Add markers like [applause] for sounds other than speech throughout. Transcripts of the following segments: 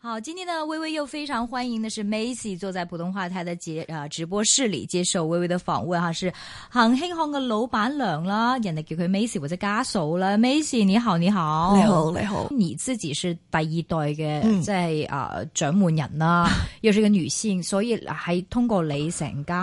好，今天呢，薇薇又非常歡迎的是 Macy，坐在普通話台的節、呃、直播室裏接受薇薇的訪問哈、啊。是，恒興行嘅老闆娘啦，人哋叫佢 Macy 或者家嫂啦。Macy，你好，你好，你好，你好。你自己是第二代嘅，即係啊掌門人啦、啊，又是個女性， [laughs] 所以喺通過你成間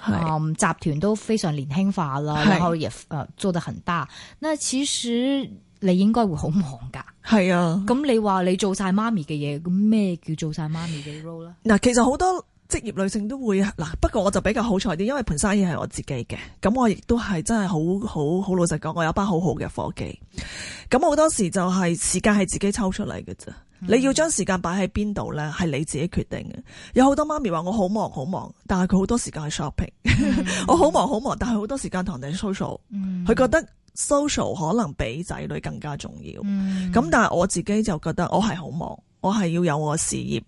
啊集團都非常年輕化啦， [laughs] 然後也呃做得很大。那其實。你應該會好忙噶，係是啊。咁、嗯、你話你做晒媽咪嘅嘢，咁咩叫做晒媽咪嘅 role 咧？嗱，其實好多職業女性都會，嗱。不過我就比較好彩啲，因為盤生意係我自己嘅。咁我亦都係真係好好好老實講，我有一班好好嘅夥計。咁好多時就係時間係自己抽出嚟嘅啫。你要將時間擺喺邊度咧？係你自己決定嘅。有好多媽咪話我好忙好忙，但係佢好多時間去 shopping 嗯嗯 [laughs] 我。我好忙好忙，但係好多時間同人哋 social。佢覺得。social 可能比仔女更加重要，咁、嗯、但係我自己就覺得我係好忙。我係要有我事業，誒、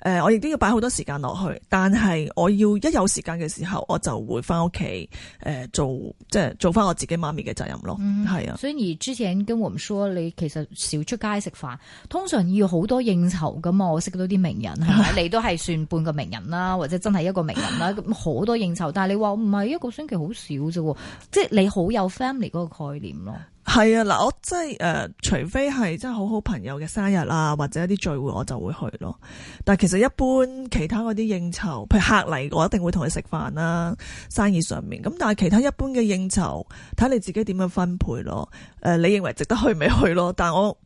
呃，我亦都要擺好多時間落去。但係我要一有時間嘅時候，我就會翻屋企，誒、呃，做即係做翻我自己媽咪嘅責任咯。係、嗯、啊，所以而主持人跟黃 Sir 你其實少出街食飯，通常要好多應酬噶嘛。我識到啲名人係咪？ [laughs] 你都係算半個名人啦，或者真係一個名人啦。咁好多應酬， [laughs] 但係你話唔係一個星期好少啫，即係你好有 family 嗰個概念咯。.係啊，嗱，我即係誒，除非係真係好好朋友嘅生日啊，或者一啲聚會，我就會去咯。但係其實一般其他嗰啲應酬，譬如客嚟，我一定會同你食飯啦。生意上面咁，但係其他一般嘅應酬，睇你自己點樣分配咯。誒、呃，你認為值得去咪去咯？但係我。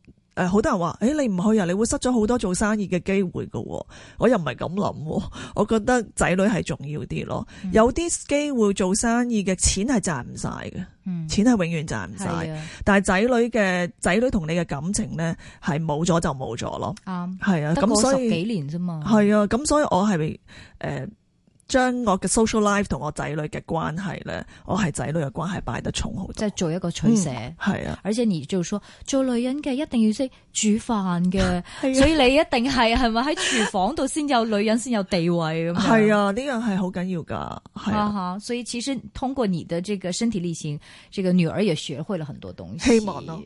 誒，好多人話，誒、欸，你唔去啊，你會失咗好多做生意嘅機會噶我又唔係咁諗，我覺得仔女係重要啲咯。嗯、有啲機會做生意嘅錢係賺唔晒嘅，錢係、嗯、永遠賺唔晒。的但係仔女嘅仔女同你嘅感情咧，係冇咗就冇咗咯。啱的，係啊，咁所以幾年啫嘛。係啊，咁所以我係誒。呃將我嘅 social life 同我仔女嘅關係咧，我係仔女嘅關係擺得重好多，即係做一個取捨，係、嗯、啊。而且你就說做女人嘅一定要識煮飯嘅， [laughs] 啊、所以你一定係係咪喺廚房度先有女人先 [laughs] 有地位咁係啊，呢樣係好緊要噶。啊，啊哈，所以其實通過你嘅這個身體力行，這個女兒也學會了很多東西。希望 [laughs]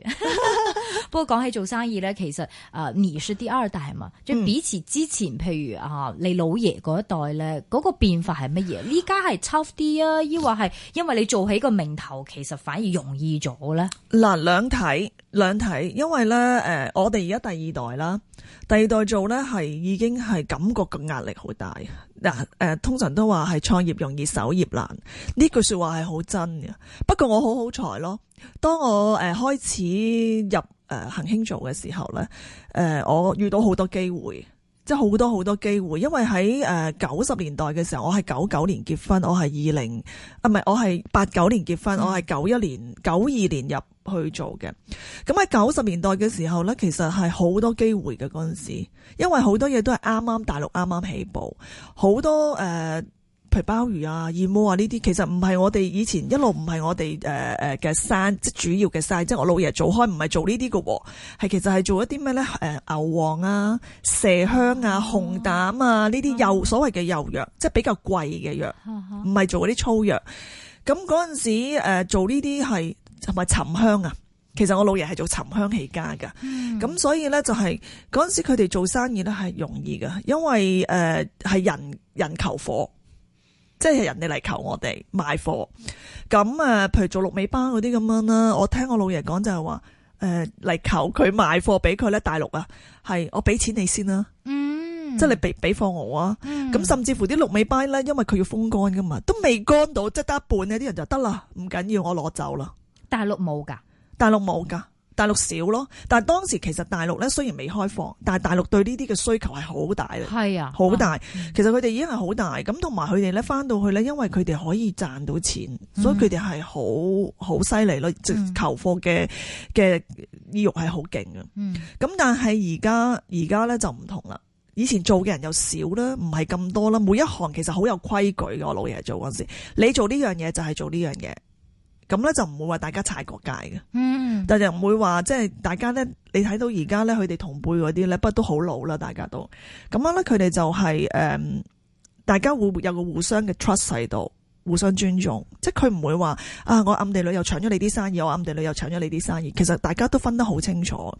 不過講起做生意咧，其實誒，你係第二代係嘛，即係、嗯、比起之前，譬如啊，你老爺嗰一代咧，嗰、嗰個變化係乜嘢？呢家係 tough 啲啊，抑或係因為你做起個名頭，其實反而容易咗咧？嗱，兩睇兩睇，因為咧，誒，我哋而家第二代啦，第二代做咧係已經係感覺個壓力好大。嗱，誒，通常都話係創業容易守業難，呢句說話係好真嘅。不過我好好彩咯，當我誒開始入。誒，恒、呃、興做嘅時候呢，誒、呃，我遇到好多機會，即係好多好多機會，因為喺誒九十年代嘅時候，我係九九年結婚，我係二零，唔係我係八九年結婚，我係九一年、九二年入去做嘅。咁喺九十年代嘅時候呢，其實係好多機會嘅嗰陣時，因為好多嘢都係啱啱大陸啱啱起步，好多誒。呃譬如鮑魚啊、燕窩啊呢啲，其實唔係我哋以前一路唔係我哋誒誒嘅山，即係主要嘅山，即係我老爺做開唔係做呢啲嘅，係其實係做一啲咩咧？誒、呃，牛黃啊、麝香啊、熊膽啊呢啲幼，所謂嘅幼藥，即係比較貴嘅藥，唔係做嗰啲粗藥。咁嗰陣時誒、呃、做呢啲係同埋沉香啊。其實我老爺係做沉香起家噶，咁、嗯、所以咧就係嗰陣時佢哋做生意咧係容易嘅，因為誒係、呃、人人求火。即係人哋嚟求我哋賣貨，咁啊，譬如做綠尾巴嗰啲咁樣啦。我聽我老爺講就係話，誒、呃、嚟求佢賣貨俾佢咧，大陸啊，係我俾錢你先啦。嗯，即係你俾俾貨我啊。咁、嗯、甚至乎啲綠尾巴咧，因為佢要風乾噶嘛，都未乾到，即得一半呢，啲人就得啦，唔緊要，我攞走啦。大陸冇噶，大陸冇噶大陸少咯，但係當時其實大陸咧雖然未開放，但係大陸對呢啲嘅需求係好大啦，係啊，好大。嗯、其實佢哋已經係好大咁，同埋佢哋咧翻到去咧，因為佢哋可以賺到錢，嗯、所以佢哋係好好犀利咯，即求貨嘅嘅意欲係好勁嘅。咁、嗯、但係而家而家咧就唔同啦，以前做嘅人又少啦，唔係咁多啦。每一行其實好有規矩嘅，我老爺做嗰陣時，你做呢樣嘢就係做呢樣嘢。咁咧就唔會話大家踩過界嘅，mm hmm. 但係唔會話即係大家咧，你睇到而家咧佢哋同輩嗰啲咧，不過都好老啦，大家都咁樣咧、就是，佢哋就係誒，大家會有個互相嘅 trust 喺度，互相尊重，即係佢唔會話啊，我暗地裏又搶咗你啲生意，我暗地裏又搶咗你啲生意。其實大家都分得好清楚，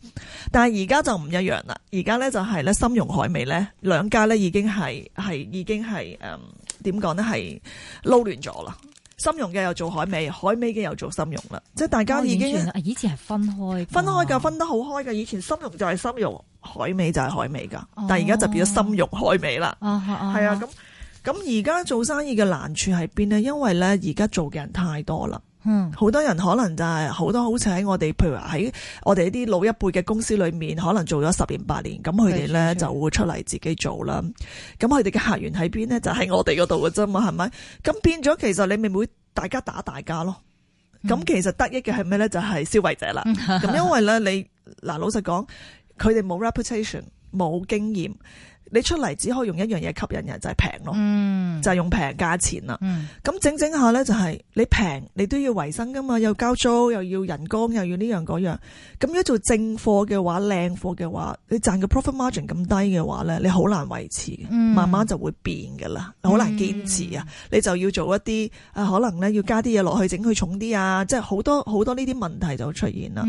但係而家就唔一樣啦。而家咧就係咧，參茸海味咧，兩家咧已經係係已經係誒點講咧，係、嗯、撈亂咗啦。參茸嘅又做海味，海味嘅又做參茸啦，即係大家已經以前係分開，分開噶，分得好開噶，以前參茸就係參茸，海味就係海味噶，但係而家就變咗參茸海味啦，係啊、哦，咁咁而家做生意嘅難處係邊咧？因為咧而家做嘅人太多啦。嗯，好多人可能就係、是、好多，好似喺我哋，譬如話喺我哋啲老一輩嘅公司裏面，可能做咗十年八年，咁佢哋咧就會出嚟自己做啦。咁佢哋嘅客源喺邊咧？就喺、是、我哋嗰度嘅啫嘛，係咪？咁變咗其實你咪會大家打大家咯。咁 [laughs] 其實得益嘅係咩咧？就係、是、消費者啦。咁 [laughs] 因為咧你嗱老實講，佢哋冇 reputation，冇經驗。你出嚟只可以用一樣嘢吸引人，就係平咯，嗯、就係用平價錢啦。咁、嗯、整整下咧、就係，就係你平，你都要維生噶嘛，又交租，又要人工，又要呢樣嗰樣。咁如果做正貨嘅話、靚貨嘅話，你賺個 profit margin 咁低嘅話咧，你好難維持，嗯、慢慢就會變噶啦，好難堅持啊。嗯、你就要做一啲啊，可能咧要加啲嘢落去，整佢重啲啊，即係好多好多呢啲問題就出現啦。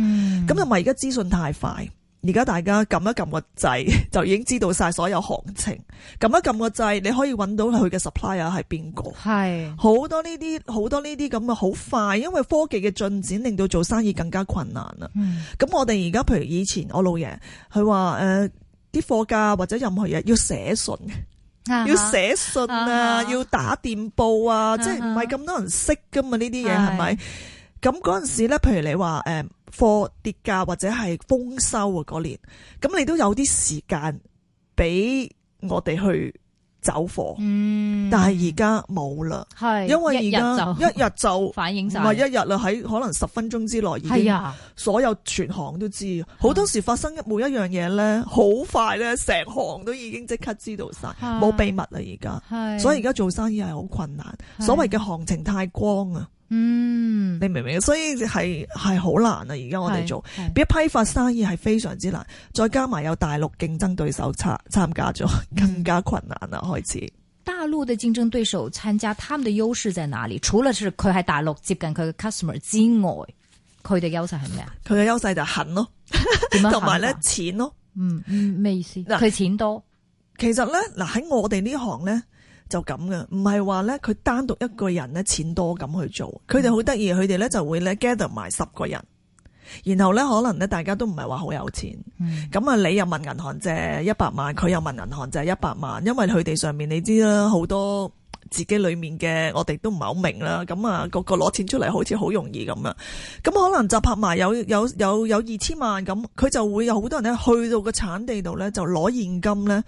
咁同埋而家資訊太快。而家大家撳一撳個掣，就已經知道晒所有行情。撳一撳個掣，你可以揾到佢嘅 supplier 係邊個。係好是多呢啲，好多呢啲咁嘅好快，因為科技嘅進展令到做生意更加困難啦。咁、嗯、我哋而家，譬如以前我老爺，佢話誒，啲貨價或者任何嘢要寫信，要寫信啊，啊哈要打電報啊，啊哈即係唔係咁多人識噶嘛？呢啲嘢係咪？咁嗰陣時咧，譬如你話誒。呃貨跌價或者係豐收啊，嗰年咁，你都有啲時間俾我哋去走貨，嗯，但係而家冇啦，係是因為而家一日天就，一日就反映晒，唔係一日啦，喺可能十分鐘之內已經、啊、所有全行都知，好多時發生每一樣嘢咧好快咧，成行都已經即刻知道晒，冇、啊、秘密啦而家，係是所以而家做生意係好困難，是所謂嘅行情太光啊。嗯，你明唔明？所以係係好難啊！而家我哋做，啲批發生意係非常之難，再加埋有大陸競爭對手參參加咗，更加困難啊。開始、嗯、大陸嘅競爭對手參加，他們的優勢在哪裏？除咗是佢喺大陸接近佢嘅 customer 之外，佢哋優勢係咩啊？佢嘅優勢就係狠咯，同埋咧錢咯。嗯，咩、嗯、意思？佢錢多。 [laughs] 其實咧嗱，喺我哋呢行咧。就咁嘅，唔係話咧佢單獨一個人咧錢多咁去做，佢哋好得意，佢哋咧就會咧 gather 埋十個人，然後咧可能咧大家都唔係話好有錢，咁啊、嗯、你又問銀行借一百萬，佢又問銀行借一百萬，因為佢哋上面你知啦，好多自己裏面嘅我哋都唔係好明啦，咁、那、啊個個攞錢出嚟好似好容易咁啊，咁可能集拍埋有有有有二千萬咁，佢就會有好多人咧去到個產地度咧就攞現金咧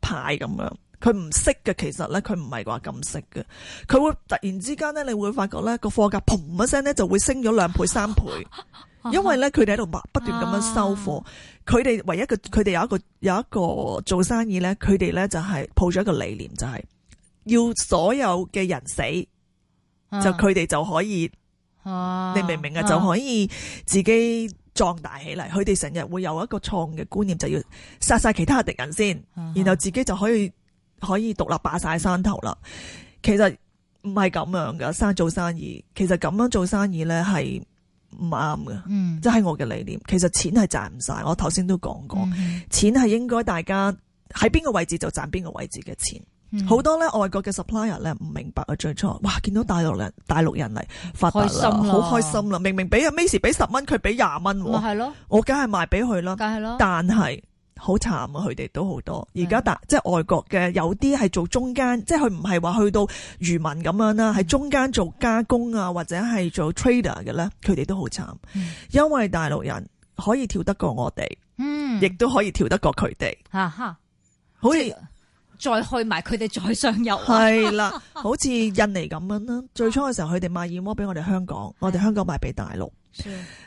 派咁樣。佢唔識嘅，其實咧，佢唔係話咁識嘅。佢會突然之間咧，你會發覺咧，個貨價砰一聲咧，就會升咗兩倍三倍， [laughs] 因為咧，佢哋喺度不斷咁樣收貨。佢哋 [laughs] 唯一嘅，佢哋有一個有一個做生意咧，佢哋咧就係抱咗一個理念，就係、是、要所有嘅人死， [laughs] 就佢哋就可以，你明唔明啊？ [laughs] 就可以自己壯大起嚟。佢哋成日會有一個錯誤嘅觀念，就是、要殺晒其他敵人先，然後自己就可以。可以獨立霸晒山頭啦！其實唔係咁樣噶，生做生意其實咁樣做生意咧係唔啱嘅，嗯、即係我嘅理念。其實錢係賺唔晒。我頭先都講過，嗯、哼錢係應該大家喺邊個位置就賺邊個位置嘅錢。好、嗯、多咧，外國嘅 supplier 咧唔明白啊！最初哇，見到大陸人大陸人嚟發達啦，好開心啦！明明俾阿 Macy 俾十蚊，佢俾廿蚊喎，咯、嗯，我梗係賣俾佢啦，梗係咯，但係。好慘啊！佢哋都好多，而家大即係外國嘅有啲係做中間，即係佢唔係話去到漁民咁樣啦，係中間做加工啊，或者係做 trader 嘅咧，佢哋都好慘，因為大陸人可以跳得過我哋，亦都、嗯、可以跳得過佢哋嚇嚇，好似再去埋佢哋再上游係啦，好似印尼咁樣啦， [laughs] 最初嘅時候佢哋賣燕窩俾我哋香港，我哋香港賣俾大陸。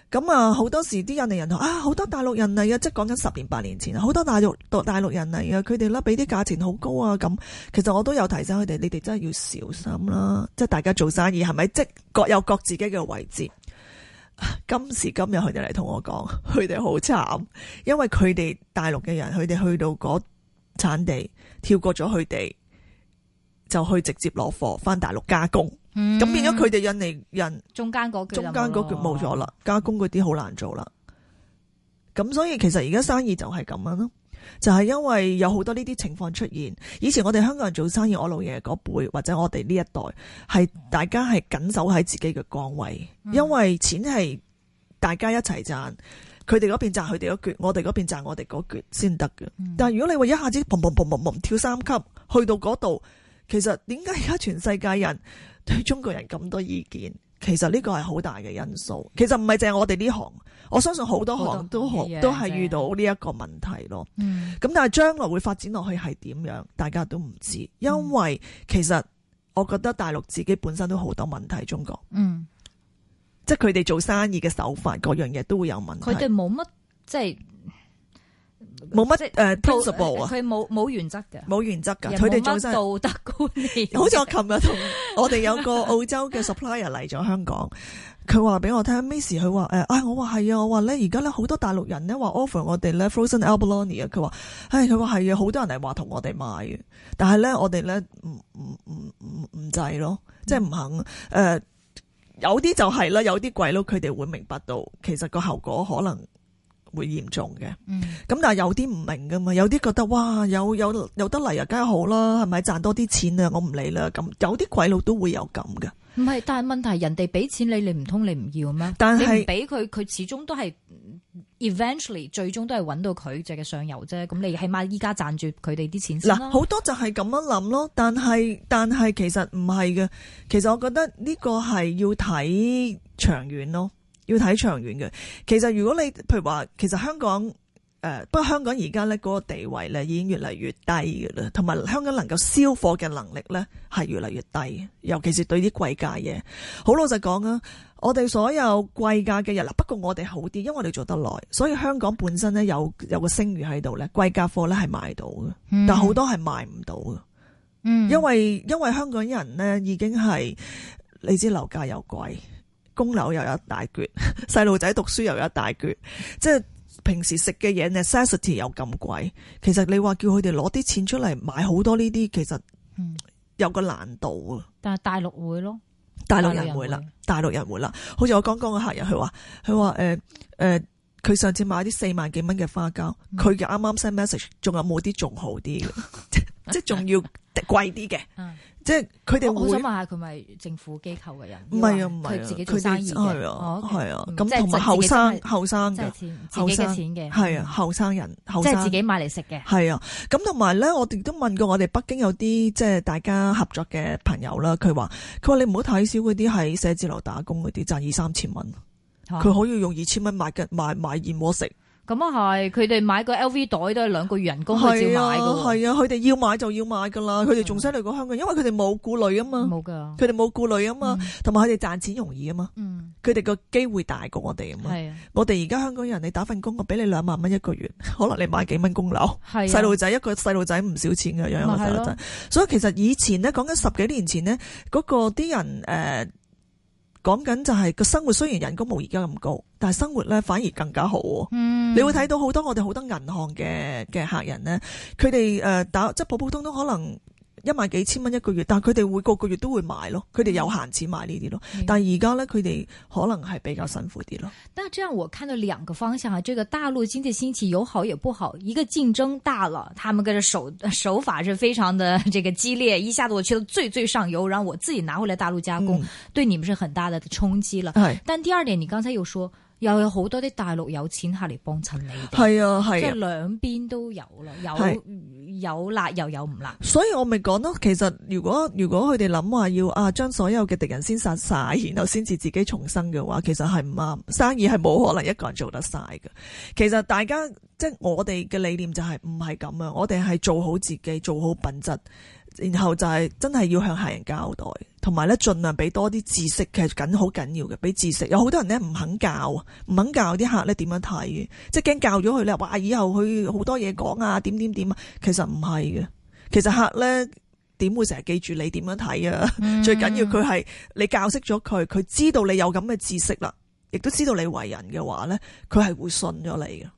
咁啊，好、嗯嗯、多時啲印尼人啊，好多大陸人嚟，啊，即係講緊十年八年前，好多大陸大陸人嚟啊，佢哋啦，俾啲價錢好高啊，咁其實我都有提醒佢哋，你哋真係要小心啦，即係大家做生意係咪，即各有各自己嘅位置。今時今日佢哋嚟同我講，佢哋好慘，因為佢哋大陸嘅人，佢哋去到嗰產地，跳過咗佢哋，就去直接攞貨翻大陸加工。咁、嗯、變咗，佢哋印尼人中間嗰橛，中間嗰橛冇咗啦，嗯、加工嗰啲好難做啦。咁、嗯、所以其實而家生意就係咁樣咯，就係、是、因為有好多呢啲情況出現。以前我哋香港人做生意，我老爺嗰輩或者我哋呢一代係大家係緊守喺自己嘅崗位，嗯、因為錢係大家一齊賺。佢哋嗰邊賺佢哋嗰橛，我哋嗰邊賺我哋嗰橛先得嘅。嗯、但係如果你話一下子砰砰砰砰砰跳三級去到嗰度，其實點解而家全世界人？對中國人咁多意見，其實呢個係好大嘅因素。其實唔係淨係我哋呢行，我相信好多行都好都係遇到呢一個問題咯。咁但係將來會發展落去係點樣，大家都唔知。因為其實我覺得大陸自己本身都好多問題。中國，嗯，即係佢哋做生意嘅手法，嗯、各樣嘢都會有問題。佢哋冇乜即係。冇乜即係誒啊！佢冇冇原則嘅，冇原則噶，佢哋做晒道德觀念。 [laughs] 好似我琴日同我哋有個澳洲嘅 supplier 嚟咗香港，佢話俾我聽咩事，佢話誒，哎、我啊，我話係、哎、啊，我話咧，而家咧好多大陸人咧話 offer 我哋咧 frozen abalone 啊，佢話，唉，佢話係啊，好多人嚟話同我哋買嘅，但係咧我哋咧唔唔唔唔制咯，即係唔肯誒、呃。有啲就係啦，有啲貴咯，佢哋會明白到，其實個後果可能。會嚴重嘅，咁、嗯、但係有啲唔明噶嘛，有啲覺得哇，有有有得嚟啊，梗係好啦，係咪賺多啲錢啊？我唔理啦，咁有啲鬼佬都會有咁嘅，唔係，但係問題人哋俾錢你，你唔通是你唔要咩？但唔俾佢，佢始終都係 eventually 最終都係搵到佢只嘅上游啫。咁你起碼依家賺住佢哋啲錢先啦。嗱，好多就係咁樣諗咯，但係但係其實唔係嘅，其實我覺得呢個係要睇長遠咯。要睇長遠嘅，其實如果你譬如話，其實香港誒不過香港而家咧嗰個地位咧已經越嚟越低嘅啦，同埋香港能夠銷貨嘅能力咧係越嚟越低，尤其是對啲貴價嘢。好老實講啊，我哋所有貴價嘅人啦，不過我哋好啲，因為我哋做得耐，所以香港本身咧有有個聲譽喺度咧，貴價貨咧係賣到嘅，但好多係賣唔到嘅，嗯，因為因為香港人咧已經係你知樓價又貴。供樓又一大撅，細路仔讀書又一大撅，即係平時食嘅嘢 necessity 又咁貴。其實你話叫佢哋攞啲錢出嚟買好多呢啲，其實有個難度啊、嗯。但係大陸會咯，大陸人會啦，大陸人會啦。好似我剛剛個客人佢話，佢話誒誒，佢、呃呃、上次買啲四萬幾蚊嘅花膠，佢嘅啱啱 send message，仲有冇啲仲好啲嘅？嗯、 [laughs] 即係仲要貴啲嘅。嗯即係佢哋我想問下佢咪政府機構嘅人？唔係啊，唔係佢自己做生意嘅，係啊，係啊，咁同埋後生後生嘅，後生嘅，係啊，後生人，即係自己買嚟食嘅。係啊、嗯，咁同埋咧，我哋都問過我哋北京有啲即係大家合作嘅朋友啦。佢話佢話你唔好睇小嗰啲喺寫字樓打工嗰啲賺二三千蚊，佢可以用二千蚊買嘅買買燕窩食。咁啊，係，佢哋買個 LV 袋都係兩個月人工去照買噶係啊，係啊，佢哋要買就要買噶啦，佢哋仲犀利過香港，因為佢哋冇顧慮啊嘛。冇噶的，佢哋冇顧慮啊嘛，同埋佢哋賺錢容易啊嘛。嗯，佢哋個機會大過我哋啊嘛。係啊的，我哋而家香港人，你打份工，我俾你兩萬蚊一個月，可能你買幾蚊供樓。係的。細路仔一個細路仔唔少錢噶樣樣細路仔，的所以其實以前咧，講緊十幾年前咧，嗰、嗰個啲人誒。呃講緊就係個生活，雖然人工冇而家咁高，但係生活咧反而更加好。嗯。你會睇到好多我哋好多銀行嘅嘅客人咧，佢哋誒打即係普普通通，可能。一萬幾千蚊一個月，但係佢哋會個個月都會買咯，佢哋有閒錢買呢啲咯。嗯、但係而家呢，佢哋可能係比較辛苦啲咯。但係這樣我看到兩個方向啊，這個大陸經濟興起有好有不好，一個競爭大了，他們個手手法是非常的這個激烈，一下子我去到最最上游，然後我自己拿回來大陸加工，嗯、對你們是很大的衝擊了。是但第二點，你剛才又說。又有好多啲大陸有錢客嚟幫襯你。係啊係，啊即係兩邊都有咯是，有有辣又有唔辣。所以我咪講咯，其實如果如果佢哋諗話要啊，將所有嘅敵人先殺晒，然後先至自己重生嘅話，其實係唔啱。生意係冇可能一個人做得晒嘅。其實大家即係我哋嘅理念就係唔係咁樣，我哋係做好自己，做好品質。然後就係真係要向客人交代，同埋咧，盡量俾多啲知識，其實緊好緊要嘅。俾知識，有好多人咧，唔肯教，唔肯教啲客咧，點樣睇嘅？即係驚教咗佢咧，哇！以後佢好多嘢講啊，點點點啊，其實唔係嘅。其實客咧，點會成日記住你點樣睇啊？Mm hmm. 最緊要佢係你教識咗佢，佢知道你有咁嘅知識啦，亦都知道你為人嘅話咧，佢係會信咗你嘅。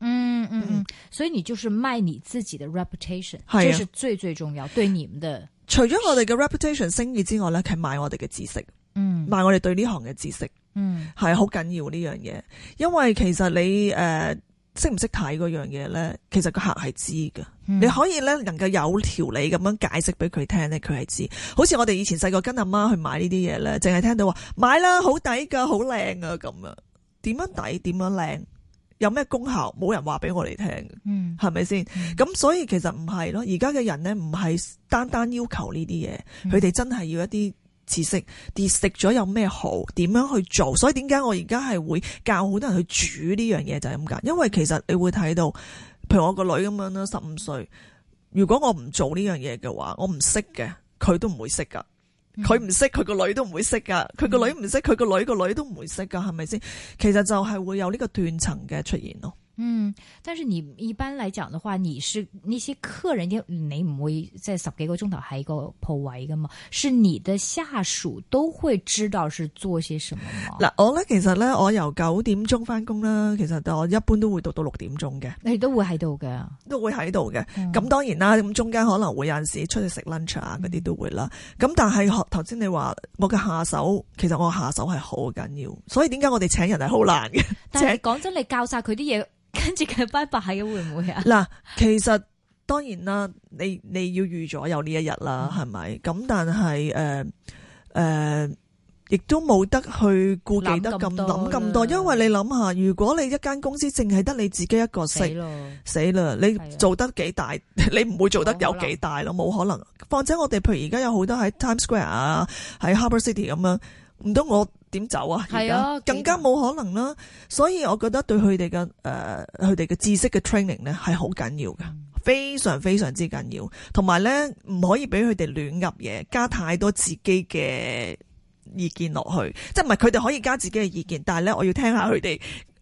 嗯，所以你就是賣你自己的 reputation，係啊，這是最最重要對你們的。除咗我哋嘅 reputation 聲譽之外呢係賣我哋嘅知識，嗯，賣我哋對呢行嘅知識，嗯，係好緊要呢樣嘢。因為其實你誒、呃、識唔識睇嗰樣嘢呢？其實個客係知噶。嗯、你可以呢能夠有條理咁樣解釋俾佢聽呢，佢係知。好似我哋以前細個跟阿媽去買呢啲嘢呢，淨係聽到話買啦，好抵噶，好靚啊，咁啊，點樣抵，點樣靚。有咩功效，冇人話俾我哋聽，係咪先咁？嗯、所以其實唔係咯，而家嘅人呢，唔係單單要求呢啲嘢，佢哋、嗯、真係要一啲知識，啲食咗有咩好，點樣去做？所以點解我而家係會教好多人去煮呢樣嘢就係咁解。因為其實你會睇到，譬如我個女咁樣啦，十五歲，如果我唔做呢樣嘢嘅話，我唔識嘅，佢都唔會識噶。佢唔、嗯、識，佢個女都唔會識噶。佢個女唔識，佢個女個女都唔會識噶，係咪先？其實就係會有呢個斷層嘅出現咯。嗯，但係你一般嚟講嘅話，你係呢啲客人，人家你唔會即係十幾個鐘頭喺個鋪位噶嘛？是你嘅下屬都會知道是做些什麼？嗱，我咧其實咧，我由九點鐘翻工啦，其實我一般都會到到六點鐘嘅，你都會喺度嘅，都會喺度嘅。咁、嗯、當然啦，咁中間可能會有陣時出去食 lunch 啊，嗰啲都會啦。咁但係頭先你話我嘅下手，其實我下手係好緊要，所以點解我哋請人係好難嘅？但係是 [laughs] 講真，你教晒佢啲嘢。跟住佢拜拜嘅會唔會啊？嗱，其實當然啦，你你要預咗有呢一日啦，係咪？咁但係誒誒，亦都冇得去顧忌得咁諗咁多，因為你諗下，如果你一間公司淨係得你自己一個識死咯，死啦！你做得幾大，你唔會做得有幾大咯，冇可能。況且我哋譬如而家有好多喺 Times Square 啊，喺 Harbour City 咁樣，唔通我？點走啊？而家更加冇可能啦，所以我覺得對佢哋嘅誒，佢哋嘅知識嘅 training 呢係好緊要㗎，非常非常之緊要。同埋呢，唔可以俾佢哋亂噏嘢，加太多自己嘅意見落去。即係唔係佢哋可以加自己嘅意見，但係呢，我要聽下佢哋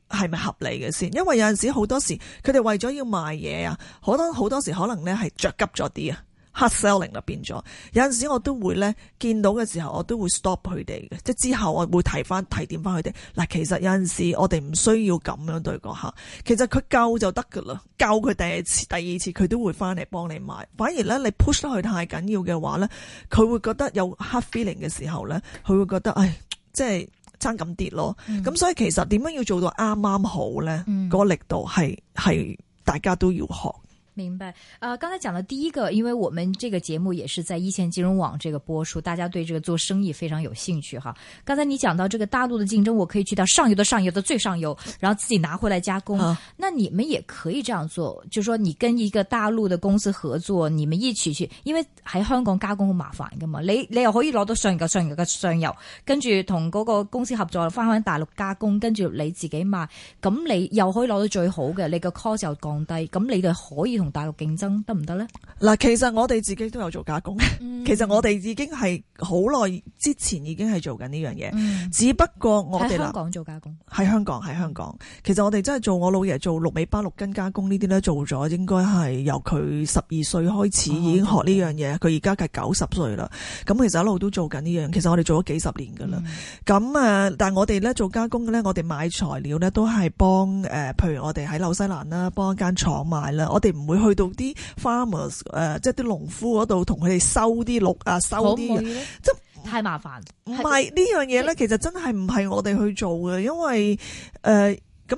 係咪合理嘅先。因為有陣時好多時，佢哋為咗要賣嘢啊，好多好多時可能呢係着急咗啲啊。黑 selling 入變咗，有陣時我都會咧見到嘅時候，我都會 stop 佢哋嘅，即係之後我會提翻提點翻佢哋。嗱，其實有陣時我哋唔需要咁樣對個客，其實佢夠就得噶啦，夠佢第二次，第二次佢都會翻嚟幫你買。反而咧你 push 得佢太緊要嘅話咧，佢會覺得有黑 feeling 嘅時候咧，佢會覺得唉，即係爭咁跌咯。咁、嗯、所以其實點樣要做到啱啱好咧，嗰、嗯、個力度係係大家都要學。明白，呃，剛才講的第一個，因為我們這個節目也是在一線金融網這個播出，大家對這個做生意非常有興趣哈。剛才你講到這個大陸的競爭，我可以去到上游的上游的最上游，然後自己拿回來加工。 [laughs] 那你們也可以這樣做，就是、說你跟一個大陸的公司合作，你們一起去，因為喺香港加工好麻煩嘅嘛，你你又可以攞到上游嘅上游嘅上游，跟住同嗰個公司合作，翻返大陸加工，跟住你自己嘛。咁你又可以攞到最好嘅，你個 cost 就降低，咁你哋可以同。同大陸競爭得唔得呢？嗱，其實我哋自己都有做加工。嗯、其實我哋已經係好耐之前已經係做緊呢樣嘢。嗯、只不過我哋香港做加工，喺香港喺香港。其實我哋真係做我老爺做鹿尾巴鹿筋加工呢啲呢，做咗應該係由佢十二歲開始已經學呢樣嘢。佢而家係九十歲啦。咁其實一路都做緊呢樣。其實我哋做咗幾十年噶啦。咁啊、嗯，但係我哋呢做加工嘅咧，我哋買材料呢都係幫誒，譬如我哋喺紐西蘭啦，幫一間廠買啦。我哋唔會。去到啲 farmers，誒，即係啲農夫嗰度，同佢哋收啲鹿啊，收啲嘢，即係太麻煩。唔係呢樣嘢咧，太其實真係唔係我哋去做嘅，因為誒，咁、呃、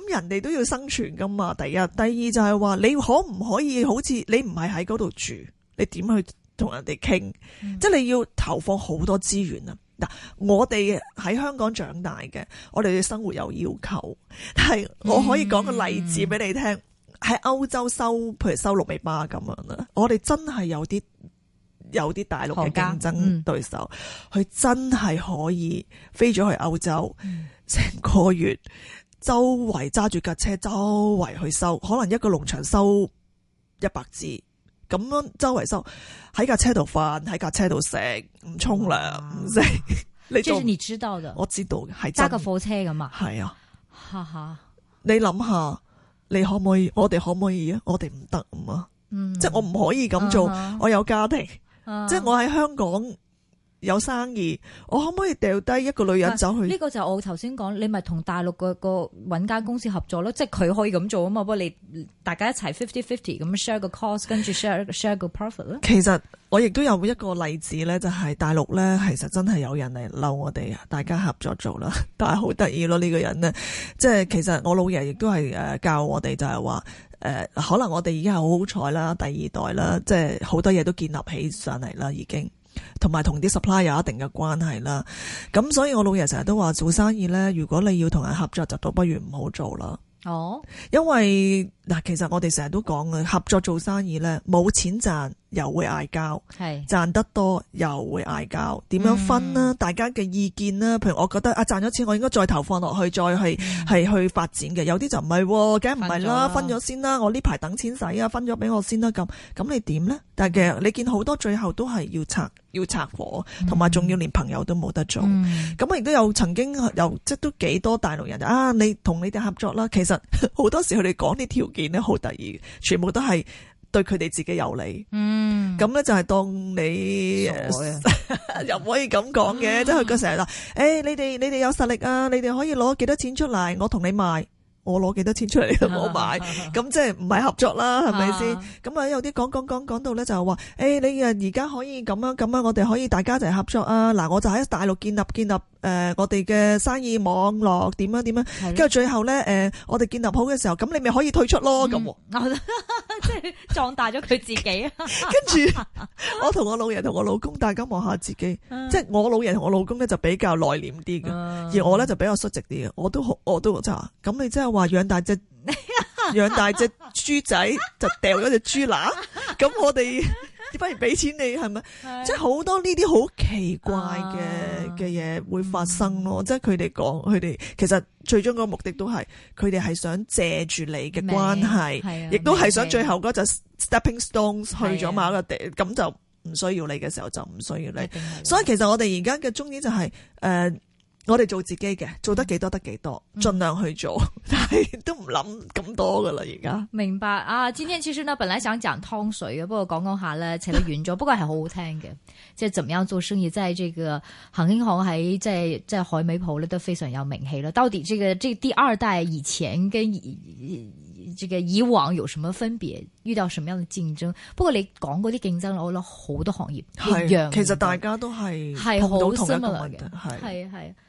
人哋都要生存噶嘛。第一，第二就係、是、話你可唔可以好似你唔係喺嗰度住，你點去同人哋傾？即係、嗯、你要投放好多資源啊。嗱，我哋喺香港長大嘅，我哋嘅生活有要求，但係我可以講個例子俾你聽。嗯喺歐洲收，譬如收鹿尾巴咁樣啦。我哋真係有啲有啲大陸嘅競爭對手，佢、嗯、真係可以飛咗去歐洲，成個月周圍揸住架車周圍去收，可能一個農場收一百支咁樣周圍收，周圍收喺架車度瞓，喺架車度食，唔沖涼唔食。呢度， [laughs] 你做這是你知道嘅，我知道嘅係揸個火車咁啊，係啊，哈哈，你諗下。你可唔可以？我哋可唔可以啊？我哋唔得咁啊，即係我唔可以咁做。Uh huh. 我有家庭，uh huh. 即係我喺香港。有生意，我可唔可以掉低一個女人走去？呢、啊，這個就我頭先講，你咪同大陸個個搵間公司合作咯，即係佢可以咁做啊嘛，不過你大家一齊 fifty fifty 咁 share 個 cost，跟住 share share 個 profit 啦。其實我亦都有一個例子咧，就係、是、大陸咧，其實真係有人嚟嬲我哋，大家合作做啦，但係好得意咯呢個人咧，即係其實我老爺亦都係誒教我哋就係話誒，可能我哋已經係好好彩啦，第二代啦，即係好多嘢都建立起上嚟啦，已經。同埋同啲 supply 有一定嘅關係啦，咁所以我老爺成日都話做生意咧，如果你要同人合作，就倒不如唔好做啦。哦，因為。嗱，其實我哋成日都講嘅合作做生意呢，冇錢賺又會嗌交，係賺得多又會嗌交，點樣分呢？大家嘅意見呢？譬如我覺得啊，賺咗錢我應該再投放落去，再係係去發展嘅，有啲就唔係，梗唔係啦，分咗先啦，我呢排等錢使啊，分咗俾我先啦，咁咁你點呢？但係其實你見好多最後都係要拆要拆夥，同埋仲要連朋友都冇得做，咁啊亦都有曾經又即都幾多大陸人啊，你同你哋合作啦，其實好多時佢哋講啲條。件咧好得意，全部都係對佢哋自己有利。嗯，咁咧就係當你 Yes. [laughs] 又唔可以咁講嘅，即係佢成日話，誒、欸，你哋你哋有實力啊，你哋可以攞幾多錢出嚟，我同你賣。我攞幾多錢出嚟，我買咁、 [music] 嗯嗯、即係唔係合作啦？係咪先？咁啊有啲講講講講到咧就係話，誒你而家可以咁樣咁樣，我哋可以大家一齊合作啊！嗱，我就喺大陸建立建立誒我哋嘅生意網絡，點樣點樣，跟住最後咧誒，我哋建立好嘅時候，咁你咪可以退出咯咁，即係壯大咗佢自己。跟 [laughs] 住我同我老爺同我老公，大家望下自己，即係我老爺同我老公咧就比較內斂啲嘅，而我咧就比較率直啲嘅。我都好，我都即係咁，你即係話。話養大隻，養大隻豬仔就掉咗隻豬乸，咁我哋不如俾錢給你係咪？吧即係好多呢啲好奇怪嘅嘅嘢會發生咯，嗯、即係佢哋講，佢哋其實最終個目的都係，佢哋係想借住你嘅關係，亦、啊、都係想最後嗰隻 stepping stones 去咗某一個地，咁、啊、就唔需要你嘅時候就唔需要你。所以其實我哋而家嘅終點就係、是、誒。呃我哋做自己嘅，做得幾多、嗯、得幾多，盡量去做，但係都唔諗咁多㗎喇。而家明白啊！今天其實呢，本來想講湯水嘅，不過講講下咧，扯得遠咗。 [laughs] 不過係好好聽嘅，即、就、係、是、怎樣做生意，即係這個恆興行喺即係即係海味鋪咧都非常有名氣啦。到底這個這個、第二代以前跟以、這個以往有什麼分別？遇到什麼樣的競爭？不過你講嗰啲競爭，我諗好多行業係是其實大家都係係好同一個嘅，係係。